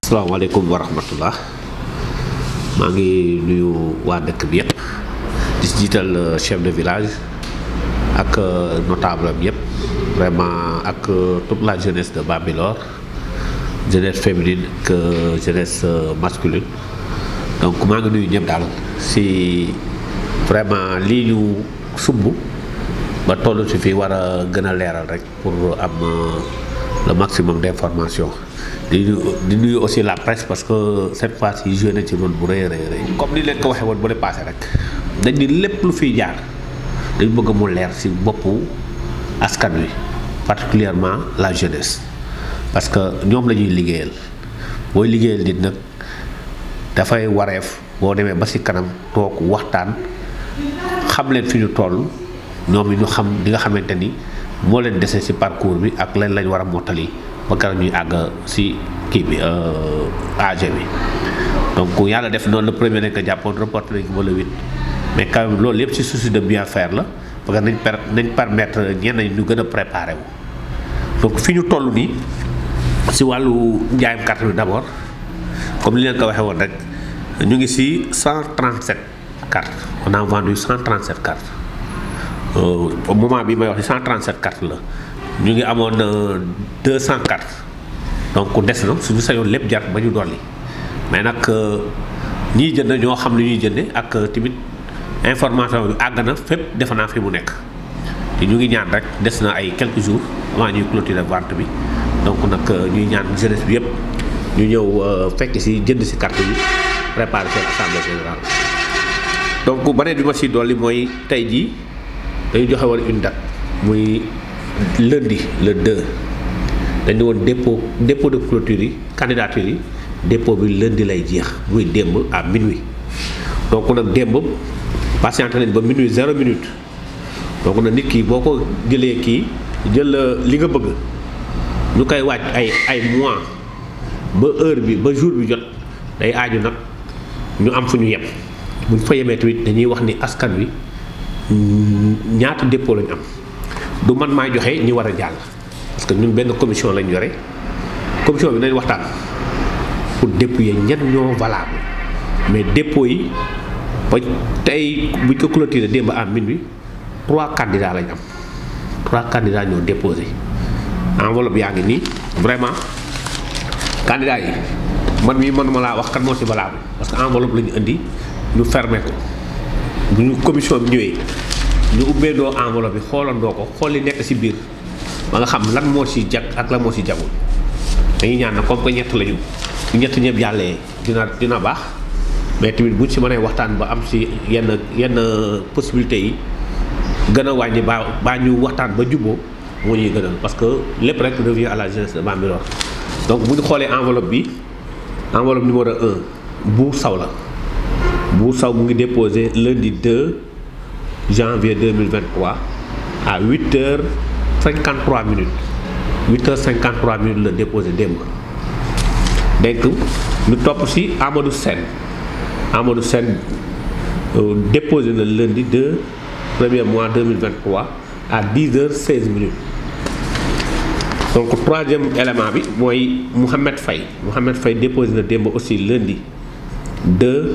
Assalamualaikum warahmatullah. rahmatullah maa ngi nuyu waa dëkk bi yépp di eh, chef de village ak eh, notable am yépp vraiment ak eh, toute la jeunesse de Bambilor jeunesse féminine que jeunesse masculine donc maa ngi nuyu ñëpp daal si vraiment lii ñu sumb ba tollu ci fi war a gën rek pour am eh, le maximum d'informations di di nuyu aussi la presse parce que cette fois ci joué na ci rôle bu rëy rëy rëy comme ni leen ko waxee woon bu le passé rek dañ ni lépp lu fiy jaar dañ bëgg mu leer si boppu askan wi particulièrement la jeunesse parce que ñoom la ñuy liggéeyal booy liggéeyal nit nag dafay wareef boo demee ba si kanam toog waxtaan xam leen fi ñu toll ñoom ñu xam li nga xamante ni moo leen dese si parcours bi ak lan lañ war ba ñuy si kii bi âge euh, bi donc yàlla def noonu le premier nañ ko jàppoon reporté nañ ko ba le 8 mais quand même loolu yëpp si souci de bien faire la parce que nañ permettre ñenn ñu gën a wu donc fi ñu toll si wàllu njaayam carte bi d' abord comme li leen ko waxee woon rek ñu ngi si 137 cartes on a vendu 137 cartes au euh, moment bi may wax ci 137 cartes la ñu ngi amoon euh, cent cartes donc des na suñu sañoon lépp jar ba ñu dolli mais nag euh, ñiy jënd ñoo xam li ñuy jënde ak tamit information bi àgg na fépp defe naa fi mu nekk te ñu ngi ñaan rek des na ay quelques jours avant ñuy clôturer vente bi donc nag ñuy ñaan jeunesse bi yëpp ñu ñëw fekk ci jënd ci carte yi préparer seen assemblée donc beneen bi ma ci dolli mooy tey jii. dañu joxe woon muy lundi le 2 dañu woon dépôt dépôt de clôture yi candidature yi dépo bi lundi lay jeex muy démb à minuit donc nag démb patienté nañ ba minuit zéro minute donk nag nit kii boo ko jëlee kii jël li nga bëgg ñu koy waaj ay ay mois ba heure bi ba jour bi jot day aaju nag ñu am fu ñu yem buñ fa yemee tamit dañuy wax ni askan wi ñaata déppo lañu am du man maay joxe ñi war a jàll parce que ñun benn commission lañ yore commission bi nañ waxtaan pour dépôt yi ñan ñoo valable mais dépôt yi ba tey buñ ko clôturé démb am min bi trois candidats lañ am trois candidats ñoo déposé enveloppe yaa ngi nii vraiment candidats yi man mii mënuma laa wax kan moo ci valable parce que enveloppe la ñu indi ñu fermé ko bu ñu commission bi ñëwee ñu ubbee doo enveloppe bi xoolandoo ko xool li nekk si biir ba nga xam lan moo si jag ak lan moo si jagul dañuy ñaan na comme que ñett lañu ñett ñëpp yàllee dina dina baax mais tamit buñ si mënee waxtaan ba am si yenn yenn possibilité yi gën a wàññi ba baa ñu waxtaan ba juboo moo ñuy gënal parce que lépp rek revient à la jeunesse de Bambilor donc bu ñu xoolee enveloppe bi enveloppe numéro 1 bu saw la Vous avez déposé lundi 2 janvier 2023 à 8 h 53 minutes 8 h 53 minutes le déposé démb donc nous top aussi Amadou Sen. Amadou Sen euh, déposé le lundi 2 1er mois 2023 à 10 h 16 minutes donc troisième élément bi Faye Mohamed Faye déposé le démo aussi lundi 2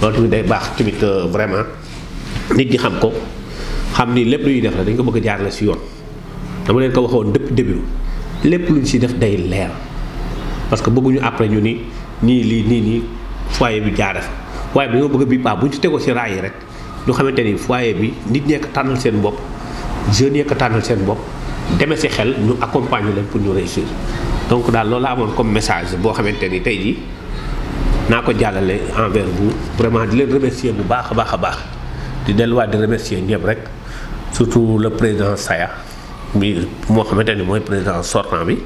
loolu tamit day baax tamit euh, vraiment nit ñi xam ko xam ni lépp lu ñuy def la dañ ko bëgg a jaarale si yoon dama leen ko waxoon dëpp début lépp lu ñu si def day leer parce que bëgguñu après ñu ni nii lii nii nii foyer bi jaare fa waaye bi dañoo bëgg bi baax bu ñu si tegoo si raay yi rek ñu xamante ni foye bi nit ñee ko tànnal seen bopp jeunes yee ko tànnal seen bopp deme si xel ñu accompagne leen pour ñu réussir donc daal loolu amoon comme message boo xamante ni tey jii. naa ko jàllale envers vous vraiment di leen remercier bu baax a baax a baax di delluwaat di remercier ñëpp rek surtout le président Saya bi moo xamante moy président sortant bi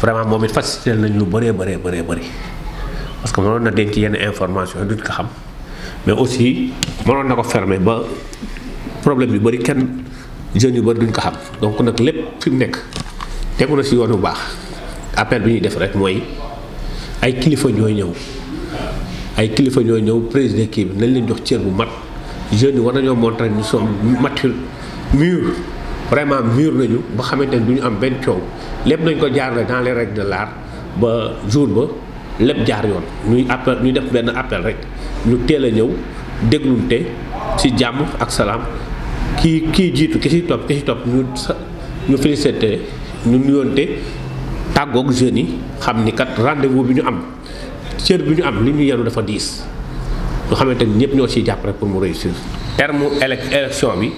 vraiment momit it facilité nañu lu béré béré béré béré parce que mënoon na denc yenn information duñ ko xam mais aussi mënoon na ko fermer ba problème bi bëri kenn jeune yu bëri duñ ko xam donc nak lepp fi nek nekk na ci yoonu bu baax appel bi ñuy def rek moy ay kilifa ñooy ñew ay kilifa ñoo ñëw président kii bi nañ leen jox cër bu mat jeunes yi war nañoo montrer ñu sommes matures mûrs vraiment mûrs nañu ba xamante ne du ñu am benn coow lépp nañ ko jaarale dans les règles de l'art ba jour ba lépp jaar yoon ñuy appel ñu def benn appel rek ñu teel a ñëw déglunte ci jàmm ak salaam kii kii jiitu ki ci topp ki ci topp ñu ñu félicité ñu nuyoonte tàggoog jeunes yi xam ni kat rendez-vous bi ñu am cër bi ñu am li ñu yenu dafa diis ñu xamante ñepp ñoo ci japp rek pour mu réussir. terme élection bi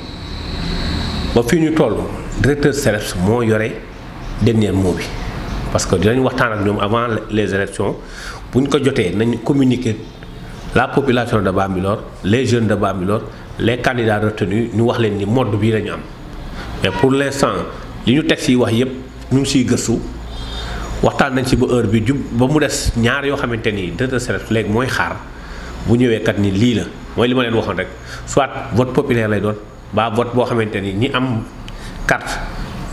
ba fii ñu toll directeur CEREPS mo yoré dernier mot bi parce que dinañ waxtaan ak ñoom avant les élections buñ ko jotee nañ communiquer la population de Bambilor les jeunes de Bambilor les candidats retenus ñu wax leen ni mode am mais pour l'instant nous ñu teg yi wax yëpp ñu waxtaan nañ ci ba heure bi jub ba mu des ñaar yoo xamante ni de recette léegi mooy xaar bu ñëwee kat ni lii la mooy li ma leen waxoon rek soit vote populaire lay doon ba vote boo xamante ni ñi am carte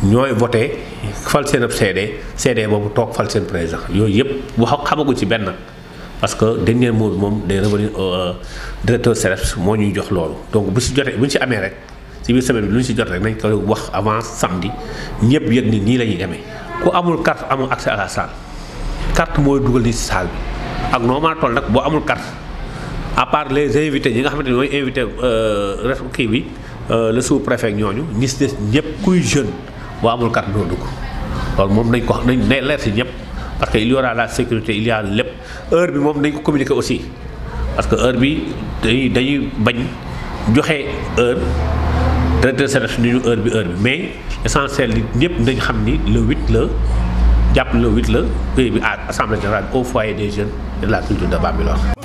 ñooy voté fal seen ab CD CD boobu toog fal seen président yooyu yëpp wax xamagu ci benn parce que dernier mot bi moom day revenir euh, directeur CREPS moo ñuy jox loolu donc bu si jotee bu ñu si amee rek si biir semaine bi lu si jot rek nañ ko wax avant samedi ñëpp yëg ni nii la ñuy demee. ku amul carte amul accès à la salle carte mooy dugal ni si bi ak noo mën toll nag boo amul carte à part les invités ñi nga xamante ne mooy invité euh, ref kii bi euh, le sous préfet ñooñu ñi si des ñëpp kuy jeune boo amul carte doo dugg loolu moom nañ ko nañ nay leer si ñëpp parce que il y aura la sécurité il y a lépp heure bi moom nañ ko communiquer aussi parce que heure bi dañuy dañuy bañ joxe heure directeur sélection ni ñu heure bi heure bi mais essentiel li ñëpp dañ xam ni le 8 la jàpp le 8 la prix bi à assemblée générale au foyer des jeunes de la culture de Bambilor